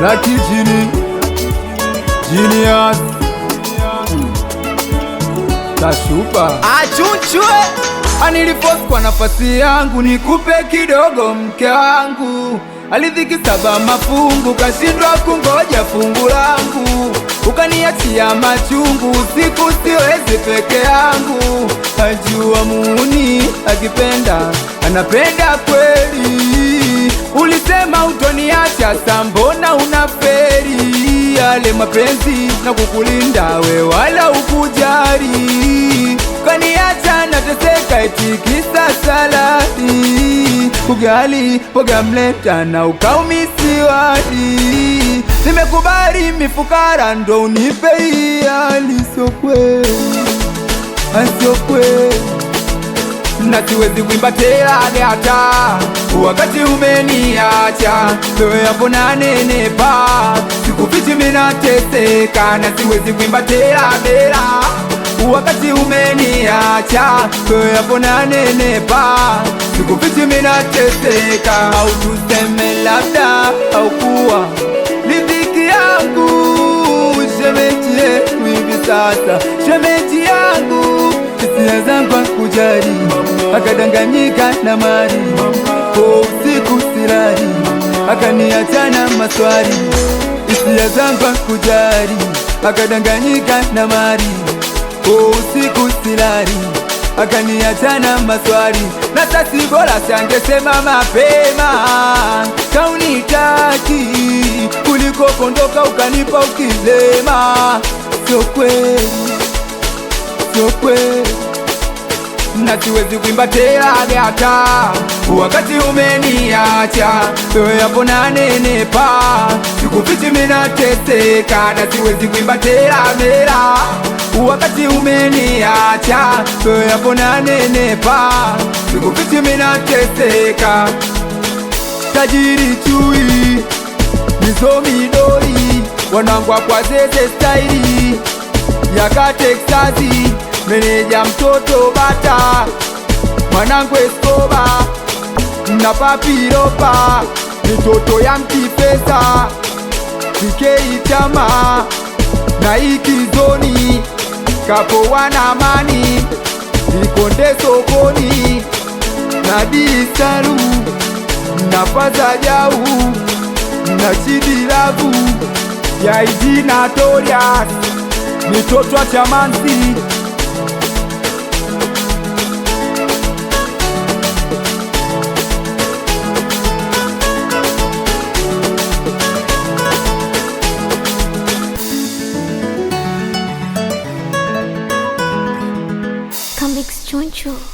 Lucky Genie, Genius Tashupa achunchwe anilifosi kwa nafasi yangu, nikupe kidogo. Mke wangu alidhiki saba mafungu, kashindwa kungoja fungu langu, ukaniachia machungu, usiku siwezi peke yangu. Najua muuni akipenda anapenda kweli utoniacha sambona unaferi yale mapenzi na kukulinda we wala ukujari kaniacha nateseka eti kisa salati ugali pogamleta mleta na ukaumisiwadi nimekubali mifukara ndo unipe hii alisokweli ah, na siwezi kuimba tena hata wakati umeniacha, wewe hapo nanenepa, sikufichi mimi nateseka, na siwezi kuimba tena bela wakati umeniacha, wewe hapo nanenepa, sikufichi mimi nateseka, au tuseme labda au kuwa riziki yangu shemeji yetu hivi sasa, shemeji yangu hisia zangu kujali akadanganyika na mali, kwa usiku silali, akaniachana maswali, hisia zamba kujari akadanganyika na mali, kwa usiku silali, akaniachana maswali, na sasi bora sangesema mapema kaunitaki kuliko kondoka ukanipa ukilema sio kweli, sio kweli na siwezi kuimba tena hata wakati umeniacha, wewe hapo nanenepa, sikufichi mimi nateseka, na siwezi kuimba tena mera wakati umeniacha, wewe hapo nanenepa, sikufichi mimi nateseka, tajiri chui nisomi dori wanangu kwa zeze staili yaka Texasi meneja mtoto bata, mwanangu Escoba na papi Ropa, mitoto ya Mtipesa, Pikei na Ikizoni, Kapo Wanamani, Ikonde sokoni na Disaru na Faza Jau na Chidilavu ya Ijina Torias, mitoto wa Chamansi 就。